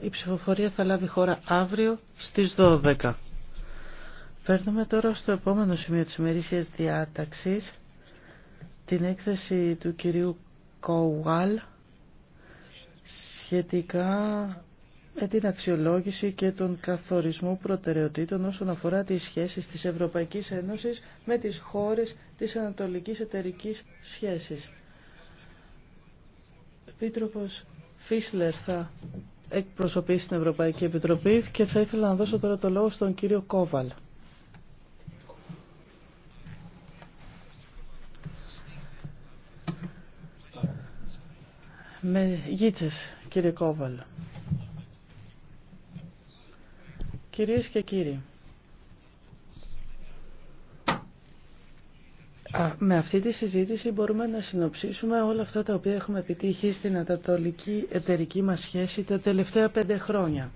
Η ψηφοφορία θα λάβει χώρα αύριο στις 12. Φέρνουμε τώρα στο επόμενο σημείο της ημερήσιας διάταξης την έκθεση του κυρίου Κόουαλ σχετικά με την αξιολόγηση και τον καθορισμό προτεραιοτήτων όσον αφορά τις σχέσεις της Ευρωπαϊκής Ένωσης με τις χώρες της Ανατολικής Εταιρικής Σχέσης. Επίτροπος Φίσλερ θα εκπροσωπεί στην Ευρωπαϊκή Επιτροπή και θα ήθελα να δώσω τώρα το λόγο στον κύριο Κόβαλ. Με γίτσες, κύριε Κόβαλ. Κυρίες και κύριοι, Με αυτή τη συζήτηση μπορούμε να συνοψίσουμε όλα αυτά τα οποία έχουμε επιτύχει στην ανατολική εταιρική μας σχέση τα τελευταία πέντε χρόνια.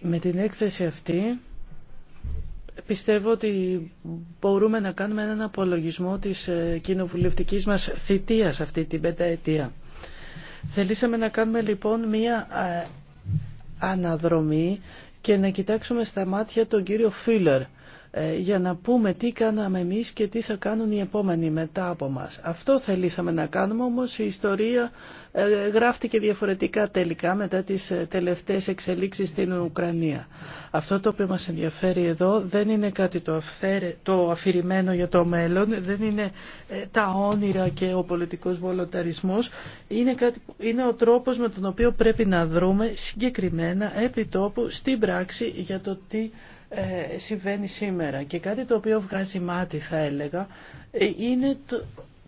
Με την έκθεση αυτή πιστεύω ότι μπορούμε να κάνουμε έναν απολογισμό της ε, κοινοβουλευτικής μας θητείας αυτή την πενταετία. Θελήσαμε να κάνουμε λοιπόν μία ε, αναδρομή και να κοιτάξουμε στα μάτια τον κύριο Φίλερ ε, για να πούμε τι κάναμε εμείς και τι θα κάνουν οι επόμενοι μετά από μας. Αυτό θελήσαμε να κάνουμε όμως η ιστορία ε, γράφτηκε διαφορετικά τελικά μετά τις ε, τελευταίες εξελίξεις στην Ουκρανία. Αυτό το οποίο μας ενδιαφέρει εδώ δεν είναι κάτι το, το αφηρημένο για το μέλλον, δεν είναι τα όνειρα και ο πολιτικός βολοταρισμός, είναι, είναι ο τρόπος με τον οποίο πρέπει να δρούμε συγκεκριμένα επί τόπου στην πράξη για το τι ε, συμβαίνει σήμερα. Και κάτι το οποίο βγάζει μάτι θα έλεγα ε, είναι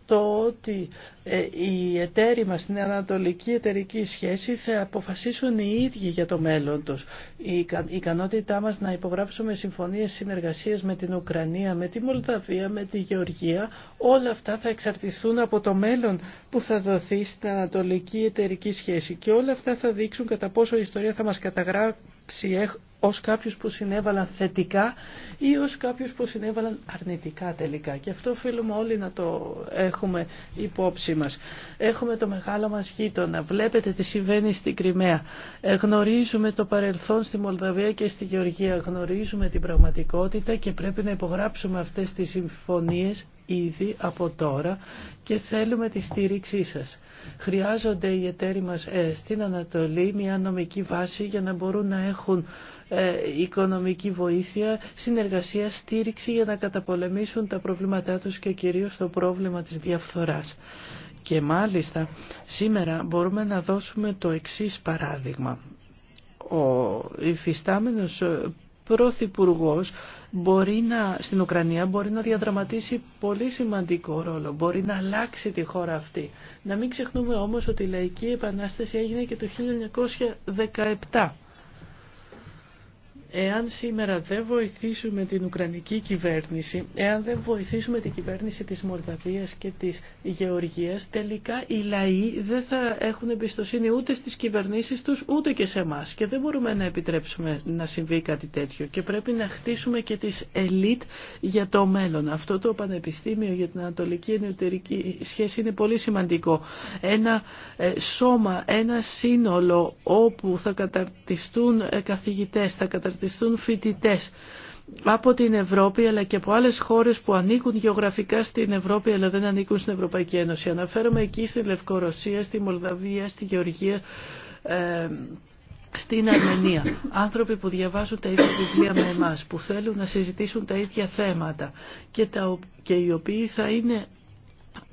το, ότι ε, οι εταίροι μας στην ανατολική εταιρική σχέση θα αποφασίσουν οι ίδιοι για το μέλλον τους. Η ικανότητά μας να υπογράψουμε συμφωνίες συνεργασίας με την Ουκρανία, με τη Μολδαβία, με τη Γεωργία, όλα αυτά θα εξαρτηθούν από το μέλλον που θα δοθεί στην ανατολική εταιρική σχέση. Και όλα αυτά θα δείξουν κατά πόσο η ιστορία θα μας καταγράψει ω ως κάποιους που συνέβαλαν θετικά ή ως κάποιους που συνέβαλαν αρνητικά τελικά. Και αυτό οφείλουμε όλοι να το έχουμε υπόψη μας. Έχουμε το μεγάλο μας γείτονα, βλέπετε τι συμβαίνει στην Κρυμαία. Ε, γνωρίζουμε το παρελθόν στη Μολδαβία και στη Γεωργία, γνωρίζουμε την πραγματικότητα και πρέπει να υπογράψουμε αυτές τις συμφωνίες ήδη από τώρα και θέλουμε τη στήριξή σας. Χρειάζονται οι εταίροι μας ε, στην Ανατολή μια νομική βάση για να μπορούν να έχουν ε, οικονομική βοήθεια, συνεργασία, στήριξη για να καταπολεμήσουν τα προβλήματά τους και κυρίως το πρόβλημα της διαφθοράς. Και μάλιστα σήμερα μπορούμε να δώσουμε το εξής παράδειγμα. Ο υφιστάμενος Πρωθυπουργός μπορεί να, στην Ουκρανία μπορεί να διαδραματίσει πολύ σημαντικό ρόλο, μπορεί να αλλάξει τη χώρα αυτή. Να μην ξεχνούμε όμως ότι η Λαϊκή Επανάσταση έγινε και το 1917. Εάν σήμερα δεν βοηθήσουμε την Ουκρανική κυβέρνηση, εάν δεν βοηθήσουμε την κυβέρνηση της Μορδαβίας και της Γεωργίας, τελικά οι λαοί δεν θα έχουν εμπιστοσύνη ούτε στις κυβερνήσεις τους, ούτε και σε εμά. Και δεν μπορούμε να επιτρέψουμε να συμβεί κάτι τέτοιο. Και πρέπει να χτίσουμε και τις ελίτ για το μέλλον. Αυτό το πανεπιστήμιο για την ανατολική ενωτερική σχέση είναι πολύ σημαντικό. Ένα ε, σώμα, ένα σύνολο όπου θα καταρτιστούν ε, καθηγητές, θα καταρτιστούν καταρτιστούν φοιτητέ από την Ευρώπη αλλά και από άλλες χώρες που ανήκουν γεωγραφικά στην Ευρώπη αλλά δεν ανήκουν στην Ευρωπαϊκή Ένωση. Αναφέρομαι εκεί στη Λευκορωσία, στη Μολδαβία, στη Γεωργία, ε, στην Αρμενία. Άνθρωποι που διαβάζουν τα ίδια βιβλία με εμάς, που θέλουν να συζητήσουν τα ίδια θέματα και, τα, και οι οποίοι θα είναι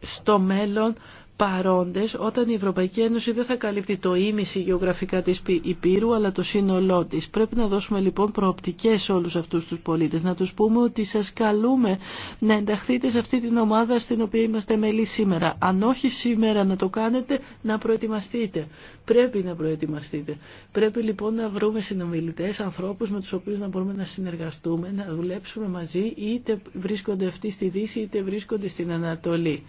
στο μέλλον παρόντες όταν η Ευρωπαϊκή Ένωση δεν θα καλύπτει το ίμιση γεωγραφικά της Υπήρου αλλά το σύνολό της. Πρέπει να δώσουμε λοιπόν προοπτικές σε όλους αυτούς τους πολίτες. Να τους πούμε ότι σας καλούμε να ενταχθείτε σε αυτή την ομάδα στην οποία είμαστε μέλη σήμερα. Αν όχι σήμερα να το κάνετε να προετοιμαστείτε. Πρέπει να προετοιμαστείτε. Πρέπει λοιπόν να βρούμε συνομιλητές, ανθρώπους με τους οποίους να μπορούμε να συνεργαστούμε, να δουλέψουμε μαζί είτε βρίσκονται αυτοί στη Δύση είτε βρίσκονται στην Ανατολή.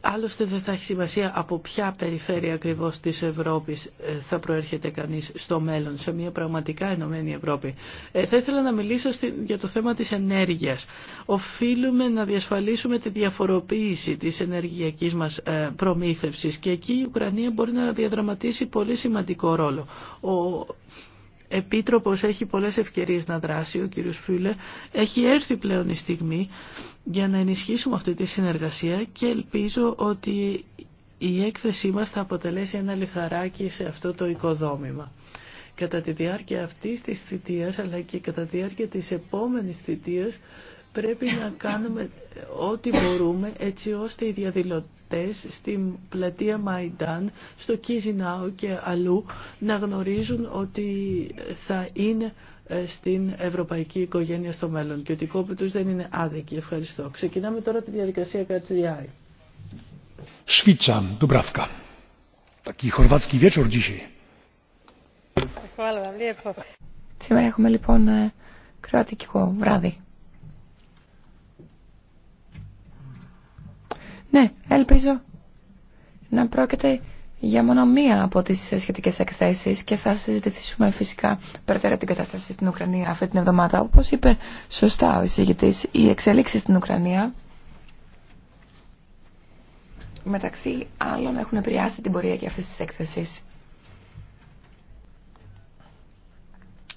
Άλλωστε δεν θα έχει σημασία από ποια περιφέρεια ακριβώς της Ευρώπης ε, θα προέρχεται κανείς στο μέλλον, σε μια πραγματικά ενωμένη Ευρώπη. Ε, θα ήθελα να μιλήσω για το θέμα της ενέργειας. Οφείλουμε να διασφαλίσουμε τη διαφοροποίηση της ενεργειακής μας ε, προμήθευσης και εκεί η Ουκρανία μπορεί να διαδραματίσει πολύ σημαντικό ρόλο. Ο επίτροπος έχει πολλές ευκαιρίες να δράσει, ο κύριος Φίλε, Έχει έρθει πλέον η στιγμή για να ενισχύσουμε αυτή τη συνεργασία και ελπίζω ότι η έκθεσή μας θα αποτελέσει ένα λιθαράκι σε αυτό το οικοδόμημα. Κατά τη διάρκεια αυτής της θητείας αλλά και κατά τη διάρκεια της επόμενης θητείας πρέπει να κάνουμε ό,τι μπορούμε έτσι ώστε οι διαδηλωτές στην πλατεία Μαϊντάν, στο Κίζινάου και αλλού να γνωρίζουν ότι θα είναι ε, στην ευρωπαϊκή οικογένεια στο μέλλον και ότι η κόποι τους δεν είναι άδικη. Ευχαριστώ. Ξεκινάμε τώρα τη διαδικασία Κατσιάη. Σήμερα έχουμε λοιπόν ε, κροατικό βράδυ. Ναι, ελπίζω να πρόκειται για μόνο μία από τις σχετικές εκθέσεις και θα συζητηθήσουμε φυσικά περαιτέρω την κατάσταση στην Ουκρανία αυτή την εβδομάδα. Όπως είπε σωστά ο εισηγητής, η εξελίξη στην Ουκρανία μεταξύ άλλων έχουν επηρεάσει την πορεία και αυτής της έκθεσης.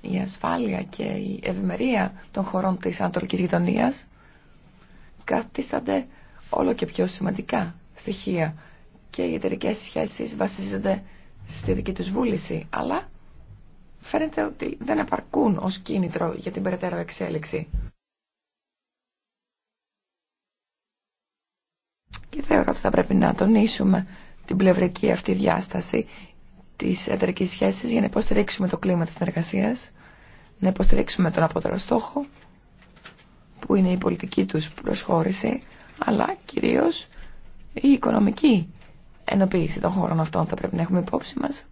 Η ασφάλεια και η ευημερία των χωρών της Ανατολικής Γειτονίας καθίστανται όλο και πιο σημαντικά στοιχεία και οι εταιρικέ σχέσεις βασίζονται στη δική τους βούληση, αλλά φαίνεται ότι δεν επαρκούν ως κίνητρο για την περαιτέρω εξέλιξη. Και θεωρώ ότι θα πρέπει να τονίσουμε την πλευρική αυτή διάσταση της εταιρική σχέση για να υποστηρίξουμε το κλίμα τη συνεργασία, να υποστηρίξουμε τον απότερο στόχο, που είναι η πολιτική τους προσχώρηση, αλλά κυρίως η οικονομική ενοποίηση των χώρων αυτών θα πρέπει να έχουμε υπόψη μας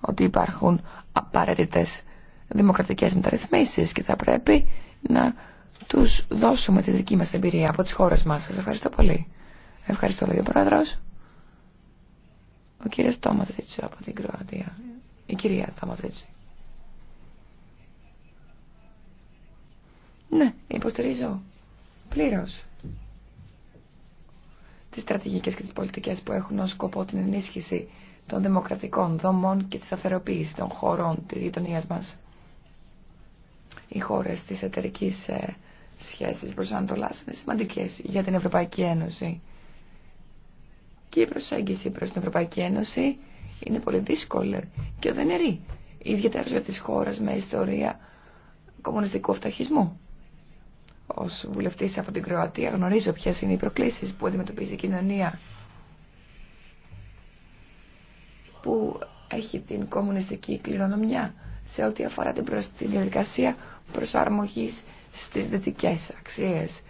ότι υπάρχουν απαραίτητες δημοκρατικές μεταρρυθμίσεις και θα πρέπει να τους δώσουμε τη δική μας εμπειρία από τις χώρες μας. Σας ευχαριστώ πολύ. Ευχαριστώ λέει ο Πρόεδρος. Ο κύριος Τόμαζιτς από την Κροατία. Η κυρία Τόμαζιτς. Ναι, υποστηρίζω Πλήρω. Τι στρατηγικέ και τι πολιτικέ που έχουν ως σκοπό την ενίσχυση των δημοκρατικών δομών και τη σταθεροποίηση των χωρών τη γειτονία μας. Οι χώρες της εταιρικής ε, σχέση προ Ανατολά είναι σημαντικές για την Ευρωπαϊκή Ένωση. Και η προσέγγιση προ την Ευρωπαϊκή Ένωση είναι πολύ δύσκολη και οδενερή, ιδιαίτερα για τι χώρε με ιστορία κομμουνιστικού αυταρχισμού ως βουλευτής από την Κροατία γνωρίζω ποιες είναι οι προκλήσεις που αντιμετωπίζει η κοινωνία που έχει την κομμουνιστική κληρονομιά σε ό,τι αφορά την, διαδικασία προσαρμογής στις δυτικές αξίες.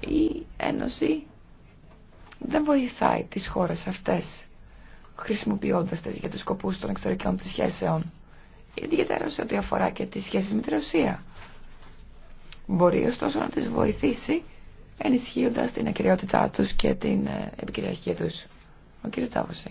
Η Ένωση δεν βοηθάει τις χώρες αυτές χρησιμοποιώντας τις για τους σκοπούς των εξωτερικών της σχέσεων ιδιαίτερα σε ό,τι αφορά και τις σχέσεις με τη Ρωσία. Μπορεί ωστόσο να τις βοηθήσει ενισχύοντας την ακυριότητά τους και την ε, επικυριαρχία τους. Ο Τάβος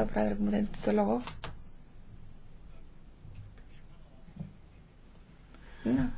Ευχαριστώ, Πρόεδρε, που μου δίνετε το λόγο. Να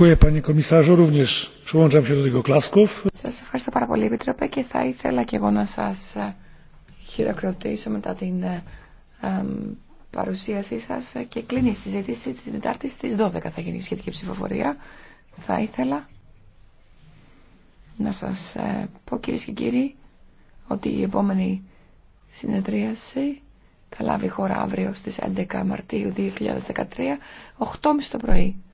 Σας ευχαριστώ πάρα πολύ, Επιτροπέ, και θα ήθελα και εγώ να σας ε, χειροκροτήσω μετά την ε, παρουσίασή σας και κλείνει η συζήτηση την Τετάρτη στις 12 θα γίνει η σχετική ψηφοφορία. Θα ήθελα να σας ε, πω κυρίες και κύριοι ότι η επόμενη συνεδρίαση θα λάβει χώρα αύριο στις 11 Μαρτίου 2013, 8.30 το πρωί.